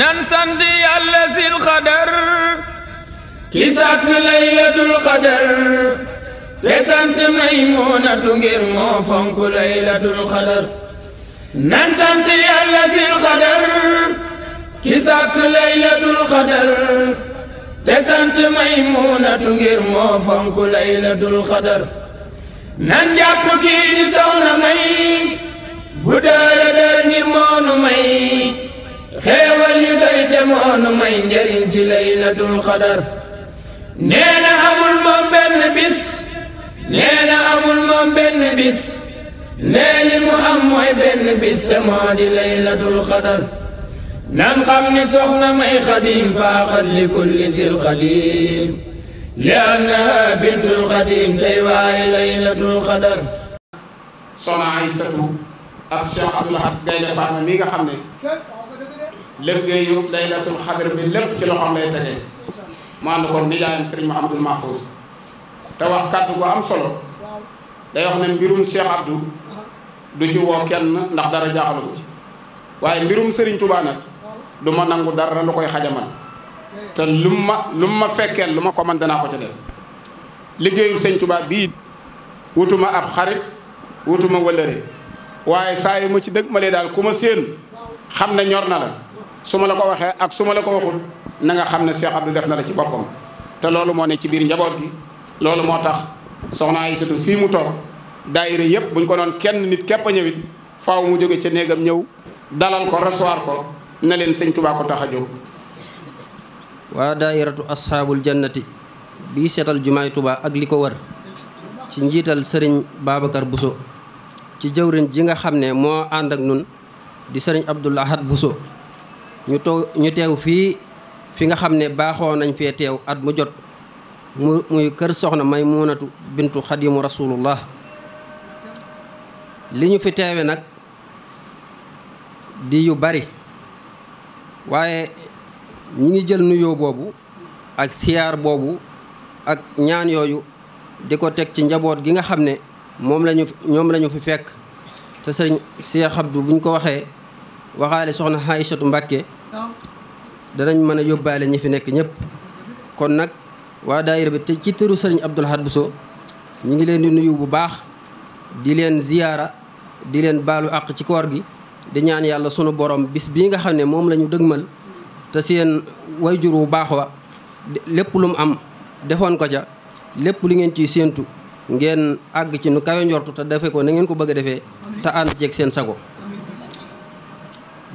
nan sant yàlla sil xadar ki sàkk laylatul xadar te sant maymunatu ngir moo fonk laylatul xadar nan sant yàlla sil xadar ki sàkk laylatul xadar te sant maymunatu ngir moo fonk laylatul xadar nan jàpp kii di laylatul xadar nee na amul moom benn bis nee na amul moom benn bis nee li mu am mooy benn bis te moo di laylatul xadar nan xam ni soxna may xadim faaxat li kulli sil xadim li annaha bintul xadim tey waaye laylatul xadar soxna Aysatu ak Cheikh Abdoulahat Gaynde Fatma mi nga xam ne liggéeyu laylatul xadr bi lépp ci loxoom lay tege mu ànd kon nijaayam sëriñ Mouhamadul Mahfouz te wax kàddu gu am solo da wax ne mbirum Cheikh Abdou du ci woo kenn ndax dara jaaxalu ko ci waaye mbirum sëriñ Touba nag du ma nangu dara lu koy xajamal te lu ma lu ma fekkeel lu ma ko mën danaa ko ci def liggéeyu sëñ Touba bii wutuma ab xarit wutuma wëllëre waaye saa yu mu ci dëgg ma lee daal ku ma séen xam ne ñor na la su ma la ko waxee ak su ma la ko waxul na xam ne Cheikh Abdou def na la ci boppam te loolu moo ne ci biir njaboot gi loolu moo tax soxna Aysatu fii mu toog daayira yëpp bu ñu ko doon kenn nit képp a ñëwit faaw mu jóge ca néegam ñëw dalal ko recevoir ko na leen sëñ Tuubaa ko tax a jóg waa daayiratu asxaabul jannati bii seetal jumaay Tuubaa ak li ko wër ci njiital sëriñ Babacar Bousso ci jëwriñ ji nga xam ne moo ànd ak nun di sëriñ Abdul Ahad Bousso ñu toog ñu teew fii fi nga xam ne baaxoo nañ fee teew at mu jot mu muy kër soxna may Maymunatu bintu xadimu rasulullah li ñu fi teewe nag di yu bari waaye ñu ngi jël nuyoo boobu ak siyaar boobu ak ñaan yooyu di ko teg ci njaboot gi nga xam ne moom lañu ñoom la ñu fi fekk te sëriñ Cheikh Abdou bu ñu ko waxee waxaale soxna Aïchatou Mbacké danañ mën a yóbbaale ñi fi nekk ñëpp kon nag waa daayira bi te ci tëru sëriñ Abdoul Ahad Bousso ñu ngi leen di nuyu bu baax di leen ziyaara di leen baalu àq ci koor gi di ñaan yàlla sunu borom bis bi nga xam ne moom la ñu dëgmal te seen wayjur wu baax wa lépp lu mu am defoon ko ca lépp lu ngeen ciy séentu ngeen àgg ci nu kawe njortu te defe ko na ngeen ko bëgg defee te ànd ceeg seen sago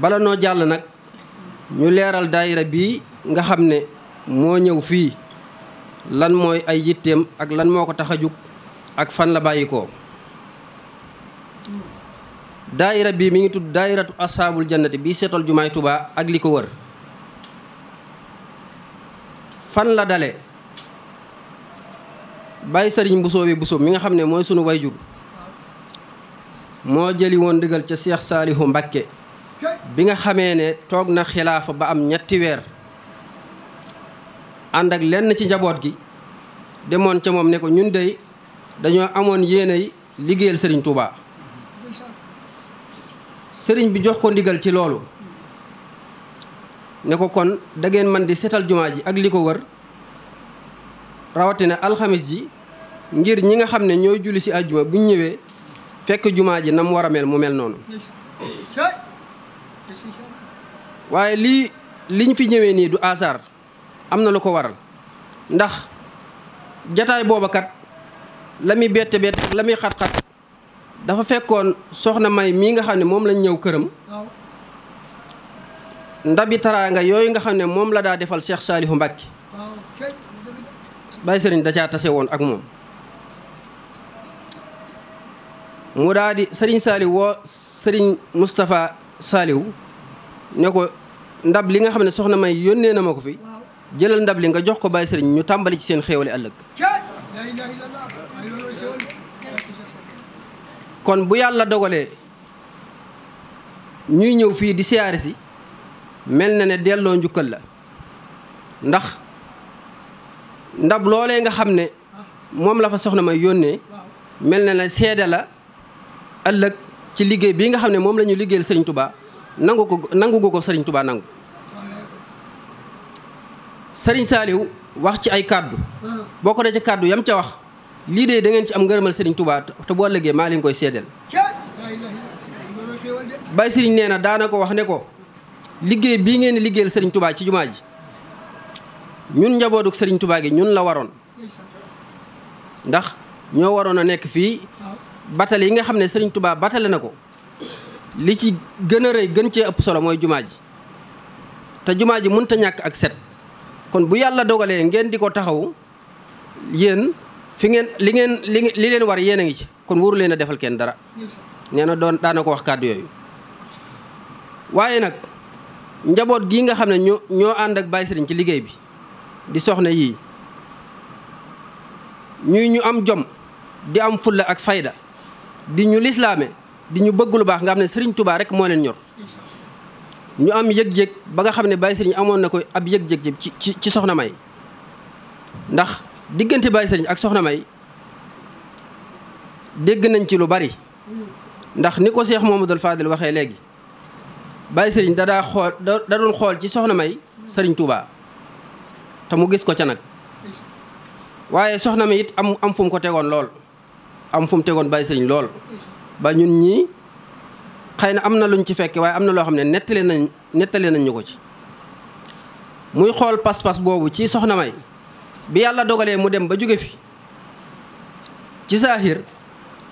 bala noo jàll nag ñu leeral daayira bii nga xam ne moo ñëw fii lan mooy ay yitteem ak lan moo ko tax a jug ak fan la bàyyikoo daayira bii mi ngi tudd daayiratu asaabul jannati bii seetal jumaay Tuubaa ak li ko wër fan la dale bàyyi sëriñ Bousso bi Bousso mi nga xam ne mooy sunu wayjur moo jëli woon ndigal ca Seex Saalihu Mbakke bi nga xamee ne toog na xilaafa ba am ñetti weer ànd ak lenn ci njaboot gi demoon ca moom ne ko ñun dey dañoo amoon yéenay liggéeyal sëriñ Touba sëriñ bi jox ko ndigal ci loolu ne ko kon da ngeen man di setal jumaa ji ak li ko wër rawatina alxamis ji ngir ñi nga xam ne ñooy julli si àjjuma bu ñu ñëwee fekk jumaa ji na mu war a mel mu mel noonu waaye lii li ñu fi ñëwee nii du hasard am na lu ko waral ndax jataay booba kat la muy bette bett la muy xat-xat dafa fekkoon soxna May mii nga xam ne moom lañ ñëw këram ndabi taraanga yooyu nga xam ne moom la daa defal Cheikh Saalihu Mbàkke bàyyi sëriñ da caa tase woon ak moom mu daa di sëriñ Saaliw woo sëriñ mustafa Saaliw ne ko ndab li nga xam ne soxna may yónnee na ma ko fi jëlal ndab li nga jox ko bàyyi sëriñ ñu tàmbali ci seen xéewali ëllëg kon bu yàlla dogalee ñuy ñëw fii di siyaare si mel na ne delloo njukkal la ndax ndab loolee nga xam ne moom la fa soxna may yónnee mel na ne seede la ëllëg ci liggéey bii nga xam ne moom la ñu liggéeyal Serigne tubaa nangu ko nangu ko sëriñ tubaa nangu sëriñ saaliw wax ci ay kàddu boo ko dee ci kàddu yam ca wax lii de da ngeen ci am ngërëmal sëriñ tubaa te boo ëllëgee maa leen koy seedeel bay sëriñ nee na daanako wax ne ko liggéey bii ngeen liggéeyal sëriñ tubaa ci jumaa ji ñun njabootu sëriñ tubaa gi ñun la waroon ndax ñoo waroon a nekk fii batale yi nga xam ne sëriñ tubaa batale na ko li ci gën a rëy gën cee ëpp solo mooy jumaa ji te jumaa ji mënta ñàkk ak set kon bu yàlla dogalee ngeen di ko taxaw yéen fi ngeen li ngeen li leen war yéen a ngi ci kon wóoru leen a defal kenn dara nee na doon daana ko wax kàddu yooyu waaye nag njaboot gi nga xam ne ñoo ànd ak Baye Serigne ci liggéey bi di soxna yii ñuy ñu am jom di am fulla ak fayda di ñu lislaame di ñu bëgg lu baax nga am ne Serigne Touba rek moo leen ñor ñu am yëg-yëg ba nga xam ne Baye Serigne amoon na ko ab yëg-yëg ci ci ci soxna May ndax diggante Baye Serigne ak soxna May dégg nañ ci lu bari ndax ni ko seex Cheikh Mamadou Fadil waxee léegi bàyyi sëriñ da daa xool da doon xool ci soxna May sëriñ Touba te mu gis ko ca nag waaye soxna May it am am fum ko tegoon lool am fu tegoon bàyyi Serigne lool. ba ñun ñii xëy na am na luñ ci fekke waaye am na loo xam ne nettali nañ nettali nañ ko ci muy xool pas-pas boobu ci soxna may bi yàlla dogalee mu dem ba jóge fi ci saaxir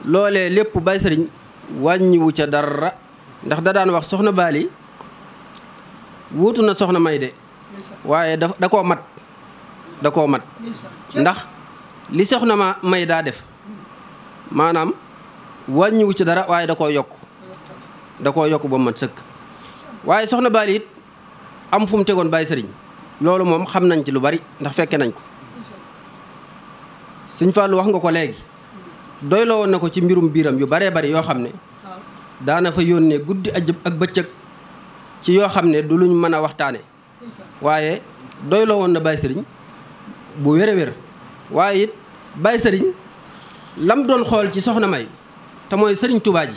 loolee lépp bay sëriñ wàññiwu ca dara ndax da daan wax soxna baali wuutu na soxna may de waaye da da koo mat da koo mat ndax li soxna ma may daa def maanaam wàññiwu ci dara waaye da koo yokk da koo yokk ba mu sëkk waaye soxna Bali it am fu mu tegoon Baye sëriñ loolu moom xam nañ ci lu bari ndax fekke nañ ko Sëñ Fallou wax nga ko léegi doyloo woon na ko ci mbirum biiram yu baree bari yoo xam ne daana fa yónnee guddi ajëb ak bëccëg ci yoo xam ne du luñ mën a waxtaane waaye doyloo woon na Baye sëriñ bu wér wér waaye it Baye sëriñ lam doon xool ci soxna May te mooy sëriñ tubaa ji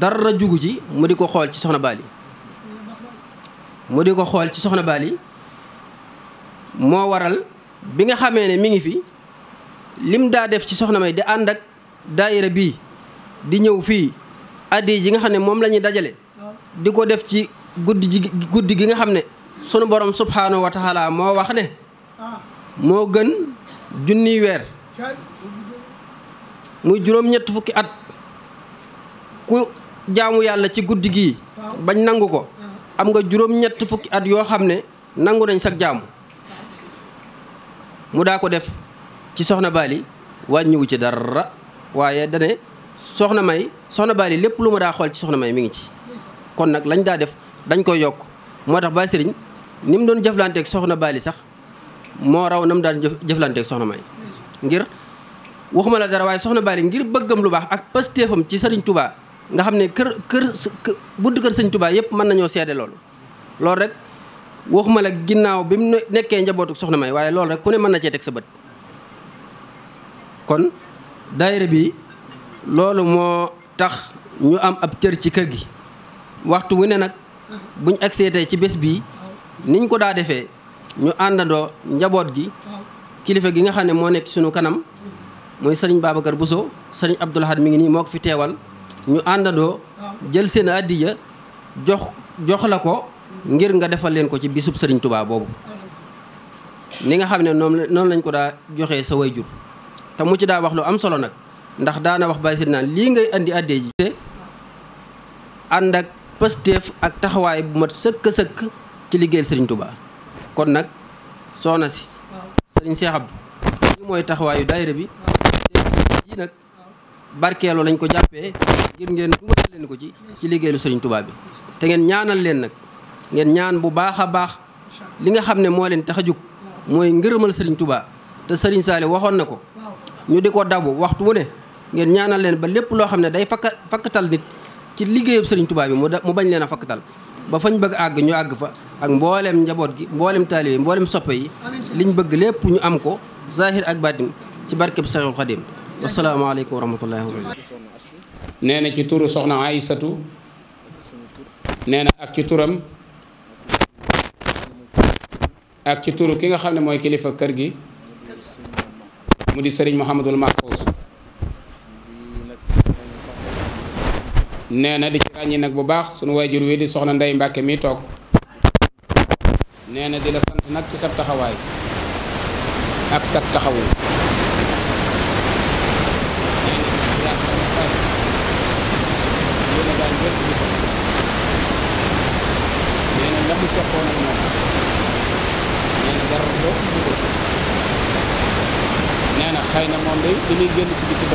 dara jugu ji mu di ko xool ci soxna Bali mu di ko xool ci soxna Bali moo waral bi nga xamee ne mi ngi fi lim daa def ci soxna may di ànd ak daayira bii di ñëw fii addi ji nga xam ne moom lañuy dajale di ko def ci guddi ji guddi gi nga xam ne sunu borom subhaanahu wa moo wax ne ah. moo gën junniy weer muy juróom-ñett fukki at ku jaamu yàlla ci guddi gii bañ nangu ko am nga juróom-ñett fukki at yoo xam ne nangu nañ sag jaamu mu daa ko def ci soxna Bali wàññiwu ci dara waaye dane soxna May soxna Bali lépp lu ma daa xool ci soxna May mi ngi ci kon nag lañ daa def dañ koy yokk moo tax Baye Serigne ni mu doon jëflanteeg soxna Bali sax moo raw na mu daan jëflanteeg soxna May ngir waxuma dara waaye soxna Bali ngir bëggam lu baax ak pëstéefam ci sëriñ tubaa nga xam ne kër kër budd kër sëriñ tubaa yëpp mën nañoo seede loolu loolu rek waxuma la ginnaaw bi mu nekkee njabootu soxna may waaye loolu rek ku ne mën na cee teg sa bët kon daayira bi loolu moo tax ñu am ab cër ci kër gi waxtu wu ne nag buñ agsee tey ci bés bii niñ ko daa defee ñu àndandoo njaboot gi kilifa gi nga xam ne moo nekk sunu kanam muy sëriñ bu Bousso sëriñ Abdoul Ahad mi ngi nii moo ko fi teewal ñu àndandoo jël seen addiya jox jox la ko ngir nga defal leen ko ci bisub sëriñ Touba boobu ni nga xam ne noonu noonu lañ ko daa joxe sa way jur te mu ci daa wax lu am solo nag ndax daana wax bàyyi sit naan lii ngay indi addee ji ànd ak pësteef ak taxawaay bu ma sëkk-sëkk ci liggéeyal sëriñ tubaa kon nag soxna si sëriñ Cheikh Abdou lii mooy taxawaayu daayira bi ji nag barkeeloo lañ ko jàppee ngir ngeen dugal leen ko ci ci liggéeyu Sëriñ Tuubaa bi te ngeen ñaanal leen nag ngeen ñaan bu baax a baax li nga xam ne moo leen tax a jóg mooy ngërëmal Sëriñ Tuubaa te Sëriñ Saali waxoon na ko ñu di ko dabu waxtu wu ne ngeen ñaanal leen ba lépp loo xam ne day fakka fakkatal nit ci liggéeyu Sëriñ tubaab bi mu bañ leen a fakkatal ba fañ bëgg àgg ñu àgg fa ak mbooleem njaboot gi mbooleem taalibe yi mbooleem soppe yi liñ bëgg lépp ñu am ko zahir ak baatin ci barkeb Seexul asalaamaaleykum wa rahmatullahi wa barakatu nee na ci turu soxna Aysatu nee na ak ci turam ak ci turu ki nga xam ne mooy kilifa kër gi mu di sëriñ Mouhamadul Mahfous nee na di ci ràññi nag bu baax sunu waajur wi di soxna Ndey Mbàkke mi toog neena na di la sant nag ci sab taxawaay ak sab taxawu jàppoon ak moom nee na ko nee na xëy na moom day li muy génn ci biti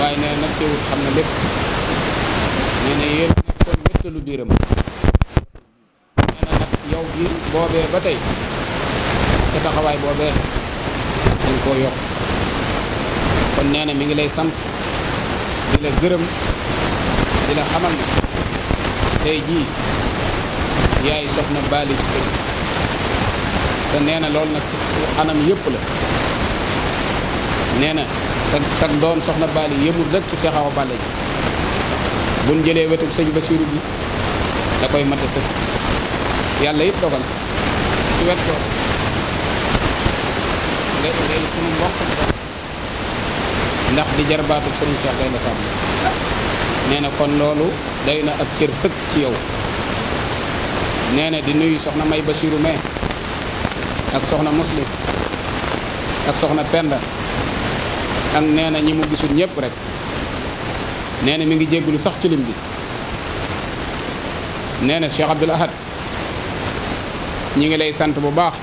waaye nee na nag teewul xam na lépp nee na yéen nekkoon wéttalu biiram nee nag yow bii boobee ba tey sa taxawaay boobee dañ koo yokk kon neena na mi ngi lay sant di la gërëm di la xamal ne tey jii yaay soxna baali ci kër te nee na loolu nag anam yëpp la nee na sa sa doon soxna baali yëmul rek ci Seex Awa Balla ji buñ jëlee wetu sëñ Basiiru bi da koy mate sëf yàlla yëpp dogal ci wet ko nga ngay suñu mbokk ndax di jarbaatu sëriñ Cheikh Gaynde Fatma nee na kon loolu day na ak cër sëkk ci yow nee na di nuyu soxna May Bachiru May ak soxna Muslim ak soxna Penda ak nee na ñi mu gisul ñëpp rek nee na mi ngi jéggulu sax ci lim bi nee na Cheikh Abdoul Ahad ñi ngi lay sant bu baax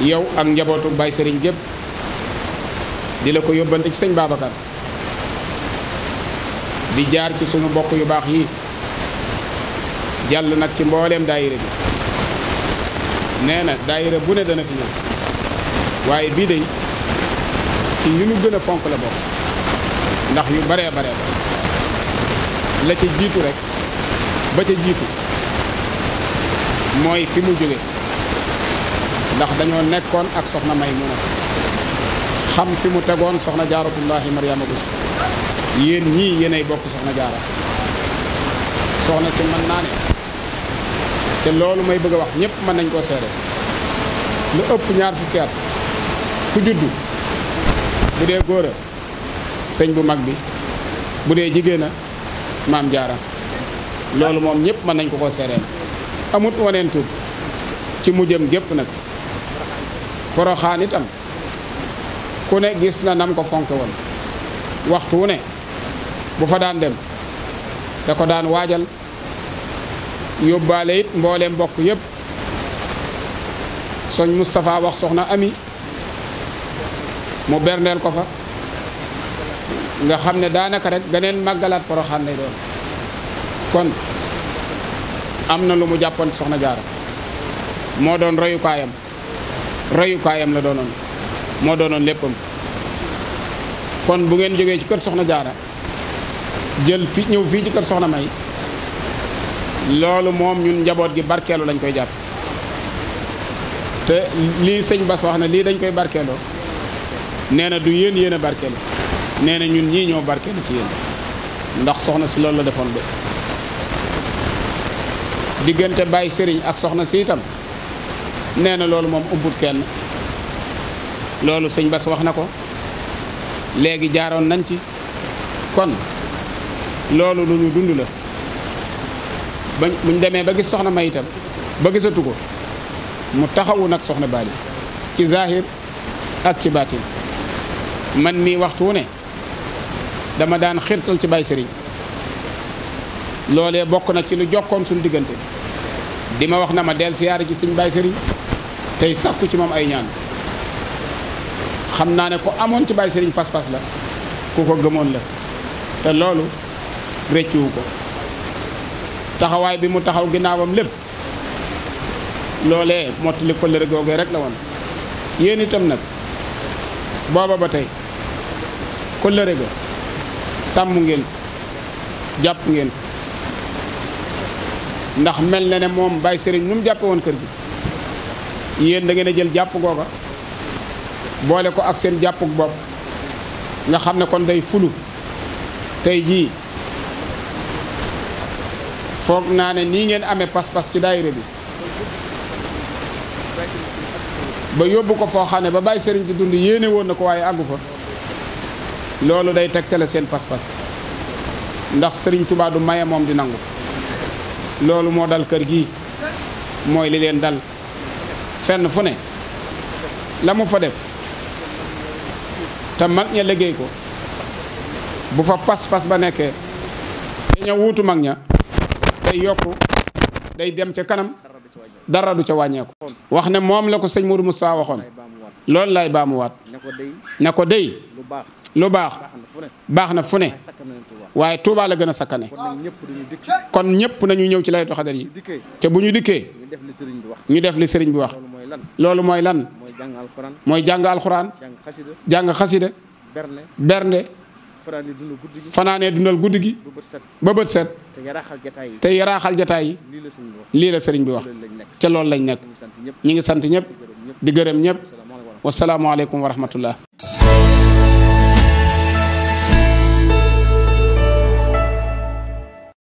yow ak njabootu baay sëriñ gépp di la ko yóbbante ci sëñ Babacar di jaar ci sunu bokk yu baax yi jàll nag ci mbooleem daayira bi nee na daayira bu ne dana fi ñëw waaye bii day ci yi nu gën fonk la bokk ndax yu baree baree la ca jiitu rek ba ca jiitu mooy fi mu jóge ndax dañoo nekkoon ak soxna may mun a xam fi mu tegoon soxna jaaratullahi mariama bus yéen ñii yéenay bokk soxna jaara soxna si mën naa ne te loolu may bëgg wax ñëpp mën nañ koo seere lu ëpp ñaar fukki at ku juddu bu dee góor a sëñ bu mag bi bu dee jigéen a maam jaara loolu moom ñëpp mën nañ ko koo seereel amut waneen tuub ci mujjëm gépp nag poroxaan itam ku ne gis na nam ko fonke woon waxtu ne bu fa daan dem da ko daan waajal yóbbaale it mboole mbokk yëpp soñ Moustapha wax soxna Ami mu berndeel ko fa nga xam ne daanaka rek beneen màggalaat poroxaan lay doon kon am na lu mu jàppoon soxna jaara moo doon reyukaayam reyukaayam la doonoon moo doonoon léppam kon bu ngeen jógee ci kër soxna jaara jël fi ñëw fii ci kër soxna may loolu moom ñun njaboot gi barkeelu lañ koy jàpp te lii sëñ Bas wax na lii dañ koy barkeeloo nee na du yéen yéen a barkeelu nee na ñun ñii ñoo barkeelu ci yéen ndax soxna si loolu defoon ba diggante Baye Serigne ak soxna si itam nee na loolu moom umput kenn loolu sëñ Bas wax na ko léegi jaaroon nañ ci kon loolu lu ñu dund la. ba buñ demee ba gis soxna may itam ba gisatu ko mu taxawu nag soxna baali ci zahir ak ci baatin man mii waxtu ne dama daan xirtal ci Baye Serigne loolee bokk na ci lu jokkoon suñu diggante di ma wax na ma del siyaare ci suñ Baye Serigne tey sàkku ci moom ay ñaan xam naa ne ko amoon ci Baye Serigne pas-pas la ku ko gëmoon la te loolu réccuwu ko taxawaay bi mu taxaw ginnaawam lépp loole mottali kóllëre googee rek la woon yéen itam nag booba ba tey kóllëre ga sàmm ngeen jàpp ngeen ndax mel na ne moom Baye sëriñ nu mu jàppe woon kër gi yéen da ngeen a jël jàpp googa boole ko ak seen jàppuk bopp nga xam ne kon day fulu tey jii foog naa ne nii ngeen amee pas-pas ci daayira bi ba yóbbu ko foo xam ne ba bàyyi sëriñ di dund yéene woon na ko waaye àggu fa loolu day teg tegtale seen pas-pas ndax sëriñ Tuubaa du maye moom di nangu loolu moo dal kër gi mooy li leen dal fenn fu ne la mu fa def te mag ña liggéey ko bu fa pas-pas ba nekkee te ña wuutu mag ña day yokku day dem ca kanam dara du ca wàññeeku. wax ne moom la ko sëñ Mourou Moussa waxoon loolu laay baamuwaat ne ko dey lu baax baax na fu ne waaye Touba la gën a sakkane kon ñëpp nañu ñëw ci Laylatul Qadr yi te bu ñu dikkee ñu def li sëriñ bi wax loolu mooy lan mooy jàng alxuraan jàng xasida jàng xasida bernde fanaane dundal guddi gi fanaane dundal guddi gi ba bët set te yaraaxal jataay yi te yaraaxal lii la sëriñ bi wax ca loolu lañ nekk ñu ngi sant ñëpp di gërëm ñëpp wasalaamualeykum wa rahmatullah